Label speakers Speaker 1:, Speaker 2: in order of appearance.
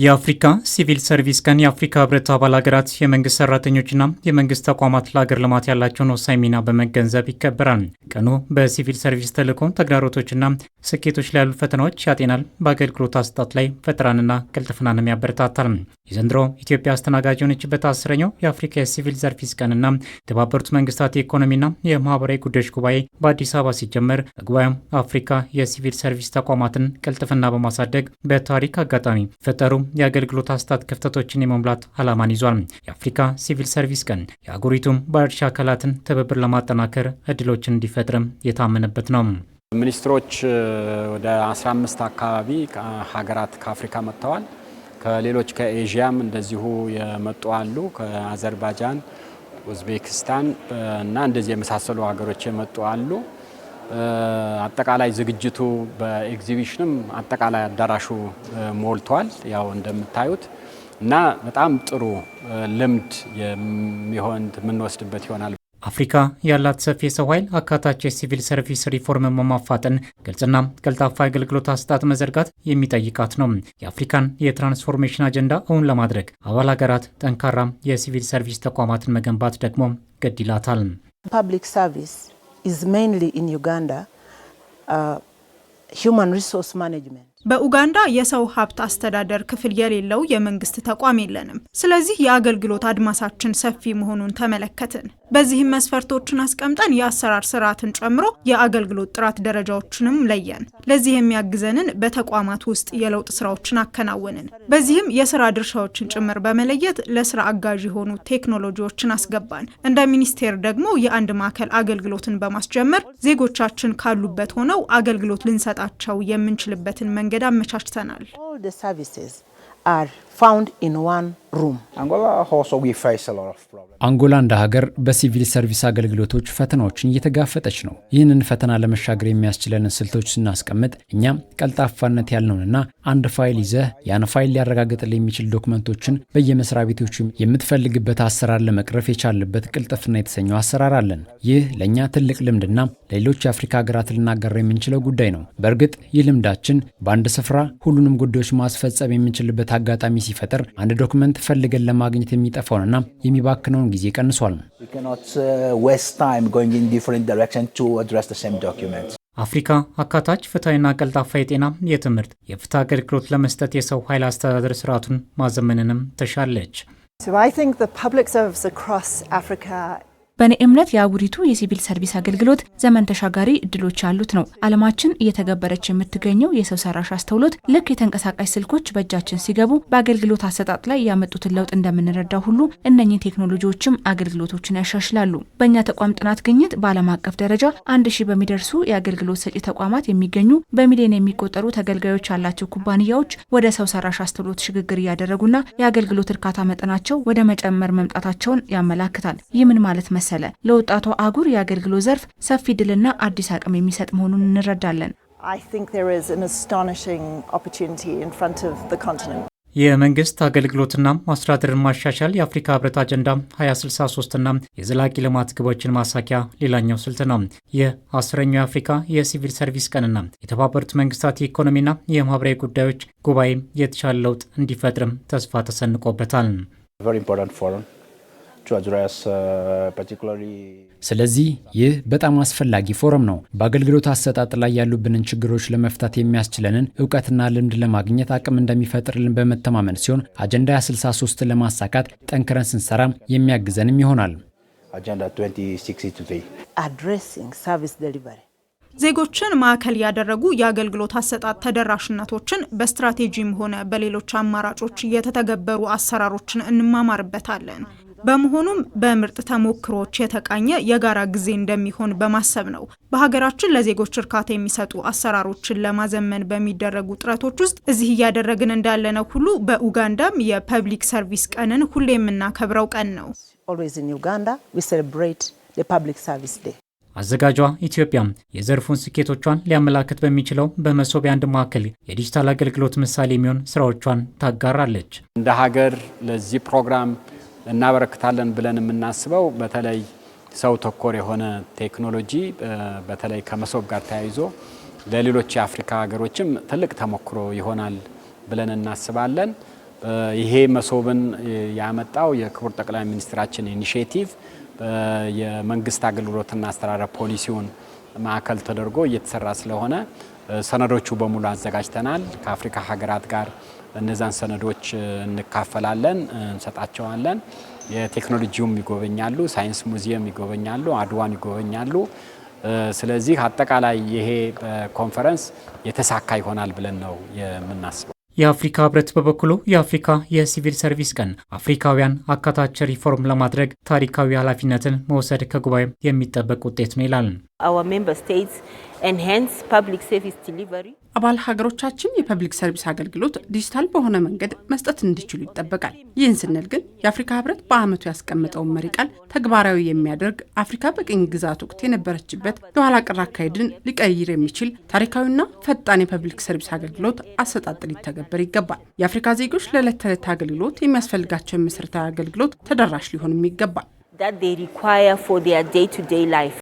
Speaker 1: የአፍሪካ ሲቪል ሰርቪስ ቀን የአፍሪካ ህብረት አባል ሀገራት የመንግስት ሰራተኞችና የመንግስት ተቋማት ለአገር ልማት ያላቸውን ወሳኝ ሚና በመገንዘብ ይከበራል። ቀኑ በሲቪል ሰርቪስ ተልዕኮ ተግዳሮቶችና ስኬቶች ላይ ያሉ ፈተናዎች ያጤናል፣ በአገልግሎት አሰጣጥ ላይ ፈጠራንና ቅልጥፍናንም ያበረታታል። የዘንድሮ ኢትዮጵያ አስተናጋጅ የሆነችበት አስረኛው የአፍሪካ የሲቪል ሰርቪስ ቀንና የተባበሩት መንግስታት የኢኮኖሚና የማህበራዊ ጉዳዮች ጉባኤ በአዲስ አበባ ሲጀመር በጉባኤም አፍሪካ የሲቪል ሰርቪስ ተቋማትን ቅልጥፍና በማሳደግ በታሪክ አጋጣሚ ፈጠሩ የአገልግሎት አስታት ክፍተቶችን የመሙላት ዓላማን ይዟል። የአፍሪካ ሲቪል ሰርቪስ ቀን የአህጉሪቱም ባለድርሻ አካላትን ትብብር ለማጠናከር እድሎችን እንዲፈጥርም የታመነበት ነው።
Speaker 2: ሚኒስትሮች ወደ 15 አካባቢ ሀገራት ከአፍሪካ መጥተዋል። ከሌሎች ከኤዥያም እንደዚሁ የመጡ አሉ። ከአዘርባጃን፣ ኡዝቤክስታን እና እንደዚህ የመሳሰሉ ሀገሮች የመጡ አሉ። አጠቃላይ ዝግጅቱ በኤግዚቢሽንም አጠቃላይ አዳራሹ ሞልቷል። ያው እንደምታዩት እና በጣም ጥሩ ልምድ የሚሆን የምንወስድበት ይሆናል።
Speaker 1: አፍሪካ ያላት ሰፊ የሰው ኃይል አካታች የሲቪል ሰርቪስ ሪፎርምን በማፋጠን ግልጽና ቀልጣፋ አገልግሎት አሰጣጥ መዘርጋት የሚጠይቃት ነው። የአፍሪካን የትራንስፎርሜሽን አጀንዳ እውን ለማድረግ አባል ሀገራት ጠንካራ የሲቪል ሰርቪስ ተቋማትን መገንባት ደግሞ ግድ ይላታል።
Speaker 3: ፐብሊክ ሰርቪስ is mainly in Uganda, uh, human resource management.
Speaker 4: በኡጋንዳ የሰው ሀብት አስተዳደር ክፍል የሌለው የመንግስት ተቋም የለንም። ስለዚህ የአገልግሎት አድማሳችን ሰፊ መሆኑን ተመለከትን። በዚህም መስፈርቶችን አስቀምጠን የአሰራር ስርዓትን ጨምሮ የአገልግሎት ጥራት ደረጃዎችንም ለየን። ለዚህ የሚያግዘንን በተቋማት ውስጥ የለውጥ ስራዎችን አከናወንን። በዚህም የስራ ድርሻዎችን ጭምር በመለየት ለስራ አጋዥ የሆኑ ቴክኖሎጂዎችን አስገባን። እንደ ሚኒስቴር ደግሞ የአንድ ማዕከል አገልግሎትን በማስጀመር ዜጎቻችን ካሉበት ሆነው አገልግሎት ልንሰጣቸው የምንችልበትን መንገድ አመቻችተናል።
Speaker 1: አንጎላ እንደ ሀገር በሲቪል ሰርቪስ አገልግሎቶች ፈተናዎችን እየተጋፈጠች ነው። ይህንን ፈተና ለመሻገር የሚያስችለንን ስልቶች ስናስቀምጥ እኛም ቀልጣፋነት ያልነውንና አንድ ፋይል ይዘህ ያን ፋይል ሊያረጋግጥልህ የሚችል ዶክመንቶችን በየመስሪያ ቤቶቹ የምትፈልግበት አሰራር ለመቅረፍ የቻልንበት ቅልጥፍና የተሰኘው አሰራር አለን። ይህ ለእኛ ትልቅ ልምድና ለሌሎች የአፍሪካ ሀገራት ልናጋራ የምንችለው ጉዳይ ነው። በእርግጥ ይህ ልምዳችን በአንድ ስፍራ ሁሉንም ጉዳዮች ማስፈጸም የምንችልበት አጋጣሚ ሲፈጥር አንድ ዶክመንት ፈልገን ለማግኘት የሚጠፋውንና የሚባክነውን ጊዜ ቀንሷል።
Speaker 5: uh,
Speaker 1: አፍሪካ አካታች ፍትሐዊና ቀልጣፋ የጤና፣ የትምህርት፣ የፍትህ አገልግሎት ለመስጠት የሰው ኃይል አስተዳደር ስርዓቱን ማዘመንንም ተሻለች።
Speaker 4: በእኔ እምነት የአህጉሪቱ የሲቪል ሰርቪስ አገልግሎት ዘመን ተሻጋሪ እድሎች ያሉት ነው። አለማችን እየተገበረች የምትገኘው የሰው ሰራሽ አስተውሎት ልክ የተንቀሳቃሽ ስልኮች በእጃችን ሲገቡ በአገልግሎት አሰጣጥ ላይ ያመጡትን ለውጥ እንደምንረዳ ሁሉ እነኚህ ቴክኖሎጂዎችም አገልግሎቶችን ያሻሽላሉ። በእኛ ተቋም ጥናት ግኝት በዓለም አቀፍ ደረጃ አንድ ሺህ በሚደርሱ የአገልግሎት ሰጪ ተቋማት የሚገኙ በሚሊዮን የሚቆጠሩ ተገልጋዮች ያላቸው ኩባንያዎች ወደ ሰው ሰራሽ አስተውሎት ሽግግር እያደረጉና የአገልግሎት እርካታ መጠናቸው ወደ መጨመር መምጣታቸውን ያመላክታል። ይህ ምን ማለት መሰለ ለወጣቷ አጉር የአገልግሎት ዘርፍ ሰፊ ድልና አዲስ አቅም የሚሰጥ መሆኑን እንረዳለን።
Speaker 1: የመንግስት አገልግሎትና አስተዳደርን ማሻሻል የአፍሪካ ህብረት አጀንዳ 2063ና የዘላቂ ልማት ግቦችን ማሳኪያ ሌላኛው ስልት ነው። የአስረኛው የአፍሪካ የሲቪል ሰርቪስ ቀንና የተባበሩት መንግስታት የኢኮኖሚና የማህበራዊ ጉዳዮች ጉባኤም የተሻለ ለውጥ እንዲፈጥርም ተስፋ ተሰንቆበታል።
Speaker 6: Uh,
Speaker 1: ስለዚህ ይህ በጣም አስፈላጊ ፎረም ነው። በአገልግሎት አሰጣጥ ላይ ያሉብንን ችግሮች ለመፍታት የሚያስችለንን እውቀትና ልምድ ለማግኘት አቅም እንደሚፈጥርልን በመተማመን ሲሆን አጀንዳ 63 ለማሳካት ጠንክረን ስንሰራ የሚያግዘንም ይሆናል።
Speaker 4: ዜጎችን ማዕከል ያደረጉ የአገልግሎት አሰጣጥ ተደራሽነቶችን በስትራቴጂም ሆነ በሌሎች አማራጮች የተተገበሩ አሰራሮችን እንማማርበታለን። በመሆኑም በምርጥ ተሞክሮች የተቃኘ የጋራ ጊዜ እንደሚሆን በማሰብ ነው። በሀገራችን ለዜጎች እርካታ የሚሰጡ አሰራሮችን ለማዘመን በሚደረጉ ጥረቶች ውስጥ እዚህ እያደረግን እንዳለነው ሁሉ በኡጋንዳም የፐብሊክ ሰርቪስ ቀንን ሁሌ የምናከብረው ቀን ነው።
Speaker 1: አዘጋጇ ኢትዮጵያም የዘርፉን ስኬቶቿን ሊያመላክት በሚችለው በመሶብ የአንድ ማዕከል የዲጂታል አገልግሎት ምሳሌ የሚሆን ስራዎቿን ታጋራለች።
Speaker 2: እንደ ሀገር ለዚህ ፕሮግራም እናበረክታለን ብለን የምናስበው በተለይ ሰው ተኮር የሆነ ቴክኖሎጂ በተለይ ከመሶብ ጋር ተያይዞ ለሌሎች የአፍሪካ ሀገሮችም ትልቅ ተሞክሮ ይሆናል ብለን እናስባለን። ይሄ መሶብን ያመጣው የክቡር ጠቅላይ ሚኒስትራችን ኢኒሽቲቭ የመንግስት አገልግሎትና አስተራረብ ፖሊሲውን ማዕከል ተደርጎ እየተሰራ ስለሆነ ሰነዶቹ በሙሉ አዘጋጅተናል። ከአፍሪካ ሀገራት ጋር እነዛን ሰነዶች እንካፈላለን፣ እንሰጣቸዋለን። የቴክኖሎጂውም ይጎበኛሉ፣ ሳይንስ ሙዚየም ይጎበኛሉ፣ አድዋን ይጎበኛሉ። ስለዚህ አጠቃላይ ይሄ ኮንፈረንስ የተሳካ ይሆናል ብለን ነው የምናስበው።
Speaker 1: የአፍሪካ ህብረት በበኩሉ የአፍሪካ የሲቪል ሰርቪስ ቀን አፍሪካውያን አካታች ሪፎርም ለማድረግ ታሪካዊ ኃላፊነትን መውሰድ ከጉባኤ የሚጠበቅ ውጤት ነው ይላል።
Speaker 4: አባል ሀገሮቻችን የፐብሊክ ሰርቪስ አገልግሎት ዲጂታል በሆነ መንገድ መስጠት እንዲችሉ ይጠበቃል። ይህን ስንል ግን የአፍሪካ ህብረት በዓመቱ ያስቀመጠውን መሪ ቃል ተግባራዊ የሚያደርግ አፍሪካ በቅኝ ግዛት ወቅት የነበረችበት የኋላ ቀር አካሄድን ሊቀይር የሚችል ታሪካዊና ፈጣን የፐብሊክ ሰርቪስ አገልግሎት አሰጣጥ ሊተገበር ይገባል። የአፍሪካ ዜጎች ለዕለት ተዕለት አገልግሎት የሚያስፈልጋቸውን መሠረታዊ አገልግሎት ተደራሽ ሊሆንም
Speaker 3: ይገባል።